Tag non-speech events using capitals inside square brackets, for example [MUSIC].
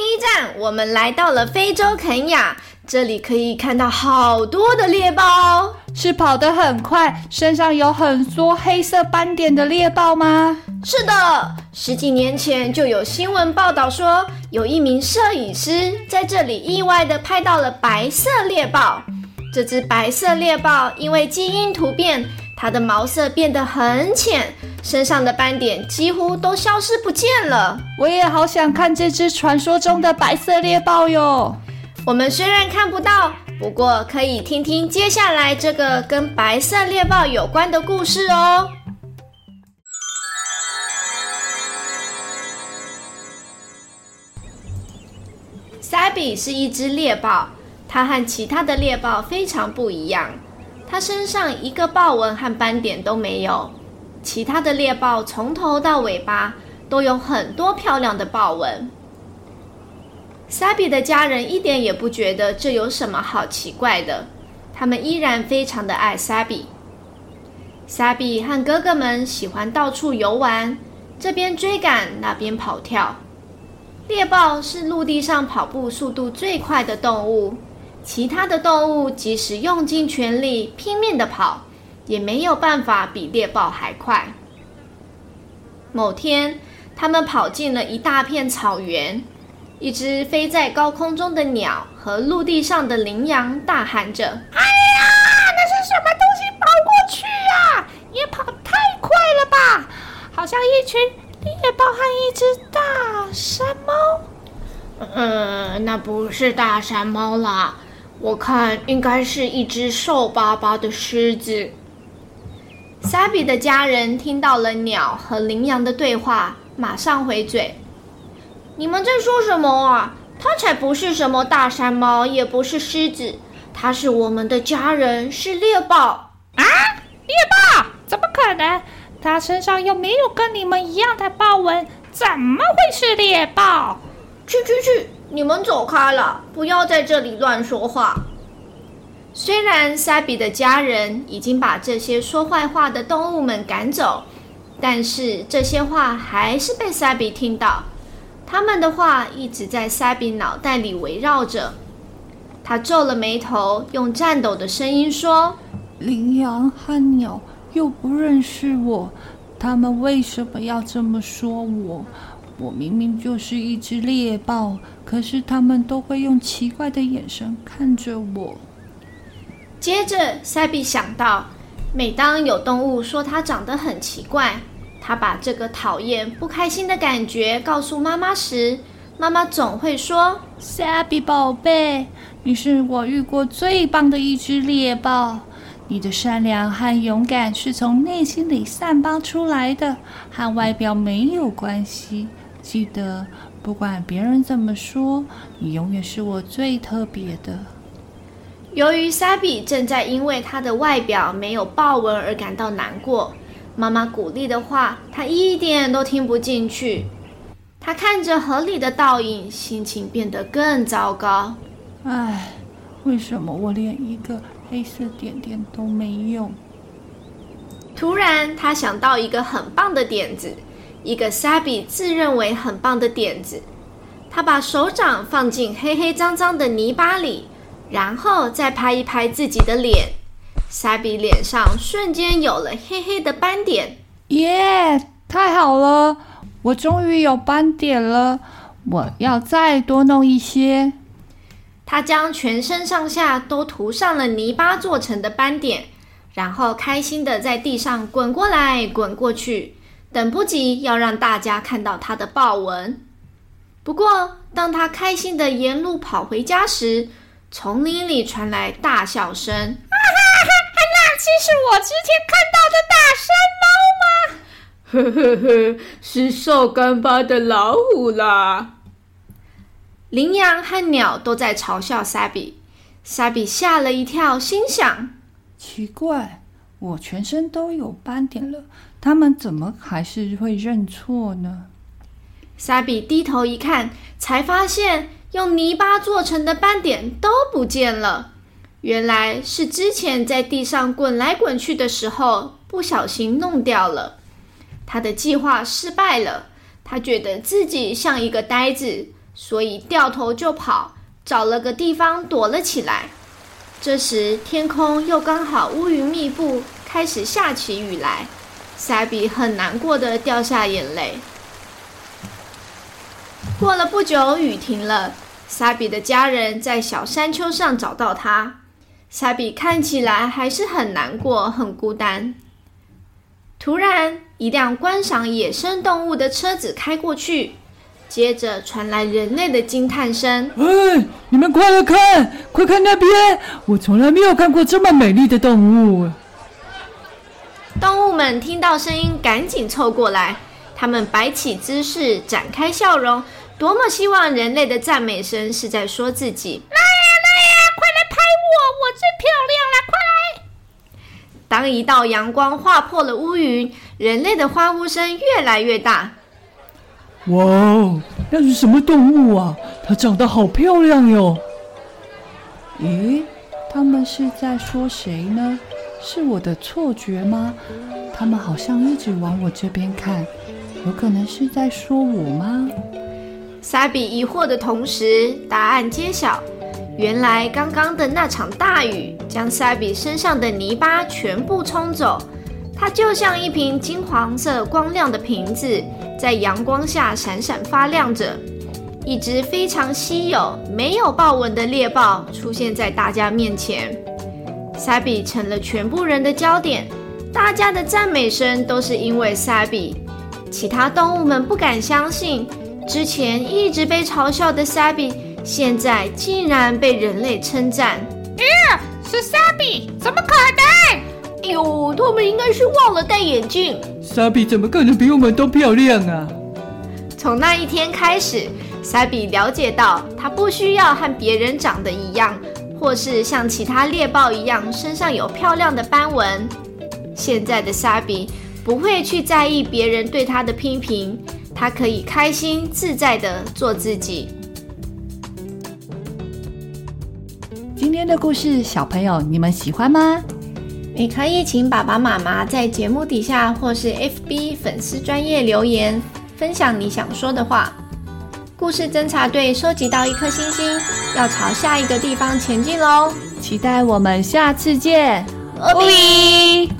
第一站，我們來到了非洲肯亞。這裡可以看到好多的獵豹哦。是跑得很快，身上有很多黑色斑點的獵豹嗎？是的，十幾年前就有新聞報道說，有一名攝影師在這裡意外地拍到了白色獵豹。這隻白色獵豹因為基因突變，它的毛色變得很淺。身上的斑點幾乎都消失不見了。我也好想看這隻傳說中的白色獵豹喲。我們雖然看不到，不過可以聽聽接下來這個跟白色獵豹有關的故事哦。Sabi [NOISE] 是一隻獵豹，它和其他的獵豹非常不一樣，它身上一個豹紋和斑點都沒有。其他的獵豹從頭到尾巴都有很多漂亮的豹紋。薩比的家人一點也不覺得這有什麼好奇怪的，他們依然非常的愛薩比。薩比和哥哥們喜歡到處遊玩，這邊追趕，那邊跑跳。獵豹是陸地上跑步速度最快的動物，其他的動物即使用盡全力拼命的跑，也沒有辦法比獵豹還快。某天，他們跑進了一大片草原，一隻飛在高空中的鳥和陸地上的羚羊大喊着：“哎呀，那是什麼東西跑過去呀？也跑太快了吧？好像一群獵豹和一隻大山貓。”“嗯，那不是大山貓啦，我看應該是一隻瘦巴巴的獅子。”薩比的家人聽到了鳥和羚羊的對話，馬上回嘴：“你們在說什麼啊？他才不是什麼大山貓，也不是獅子，他是我們的家人，是獵豹啊！獵豹怎麼可能？他身上又沒有跟你們一樣的豹紋，怎麼會是獵豹？去去去，你們走開了，不要在這裡亂說話。”雖然薩比的家人已經把這些說壞話的動物們趕走，但是這些話還是被薩比聽到。他們的話一直在薩比腦袋裡圍繞着。他皺了眉頭，用顫抖的聲音說：“羚羊和鳥又不認識我，他們為什麼要這麼說我？我明明就是一只獵豹，可是他們都會用奇怪的眼神看着我。”接着，塞比想到，每當有動物說他長得很奇怪，他把這個討厭、不開心的感覺告訴媽媽時，媽媽總會說：“塞比寶貝，你是我遇過最棒的一隻獵豹。你的善良和勇敢是從內心裡散發出來的，和外表沒有關係。記得，不管別人怎麼說，你永遠是我最特別的。”由於 Sabi 正在因為他的外表沒有豹紋而感到難過，媽媽鼓勵的話他一點都聽不進去。他看着河裡的倒影，心情變得更糟糕。唉，為什麼我連一個黑色點點都沒有？突然，他想到一個很棒的點子，一個 Sabi 自認為很棒的點子。他把手掌放進黑黑髒髒的泥巴裡。然後再拍一拍自己的臉，莎比臉上瞬間有了黑黑的斑點。耶，yeah，太好了，我終於有斑點了！我要再多弄一些。他將全身上下都塗上了泥巴做成的斑點，然後開心的在地上滾過來滾過去，等不及要讓大家看到他的豹紋。不過，當他開心的沿路跑回家時，叢林裡傳來大笑聲，“啊哈哈！”那其實是我之前看到的大山貓嗎？呵呵呵，是瘦乾巴的老虎啦。羚羊和鳥都在嘲笑薩比，薩比嚇了一跳，心想：“奇怪，我全身都有斑點了，他們怎麼還是會認錯呢？”薩比低頭一看，才發現。用泥巴做成的斑點都不見了，原來是之前在地上滾來滾去的時候不小心弄掉了。他的計劃失敗了，他覺得自己像一個呆子，所以掉頭就跑，找了個地方躲了起來。這時天空又剛好烏雲密布，開始下起雨來。塞比很難過的掉下眼淚。過了不久，雨停了。沙比的家人在小山丘上找到他。沙比看起來還是很難過、很孤單。突然，一輛觀賞野生動物的車子開過去，接着傳來人類的驚嘆聲：“哎，你們快來看，快看那邊！我從來沒有看過這麼美麗的動物。”動物們聽到聲音，趕緊湊過來，他們擺起姿勢，展開笑容。多麼希望人類的讚美聲是在說自己！來呀來呀，快來拍我，我最漂亮了！快來！當一道陽光劃破了烏雲，人類的歡呼聲越來越大。哇哦，那是什麼動物啊？它長得好漂亮喲、哦！咦、欸，他們是在說誰呢？是我的錯覺嗎？他們好像一直往我這邊看，有可能是在說我嗎？薩比疑惑的同時，答案揭曉。原來剛剛的那場大雨將薩比身上的泥巴全部沖走，它就像一瓶金黃色、光亮的瓶子，在陽光下閃閃發亮着。一隻非常稀有、沒有豹紋的獵豹出現在大家面前，薩比成了全部人的焦點。大家的讚美聲都是因為薩比。其他動物們不敢相信。之前一直被嘲笑的莎比，現在竟然被人類稱讚。啊，是莎比？怎麼可能？哎呦，他們應該是忘了戴眼鏡。莎比怎麼可能比我們都漂亮啊？從那一天開始，莎比了解到，他不需要和別人長得一樣，或是像其他獵豹一樣身上有漂亮的斑紋。現在的莎比不會去在意別人對他的批評，評。他可以開心自在的做自己。今天的故事，小朋友你們喜歡嗎？你可以請爸爸媽媽在節目底下或是 FB 粉絲專頁留言，分享你想說的話。故事偵察隊收集到一顆星星，要朝下一個地方前進嘍！期待我們下次見，Bye。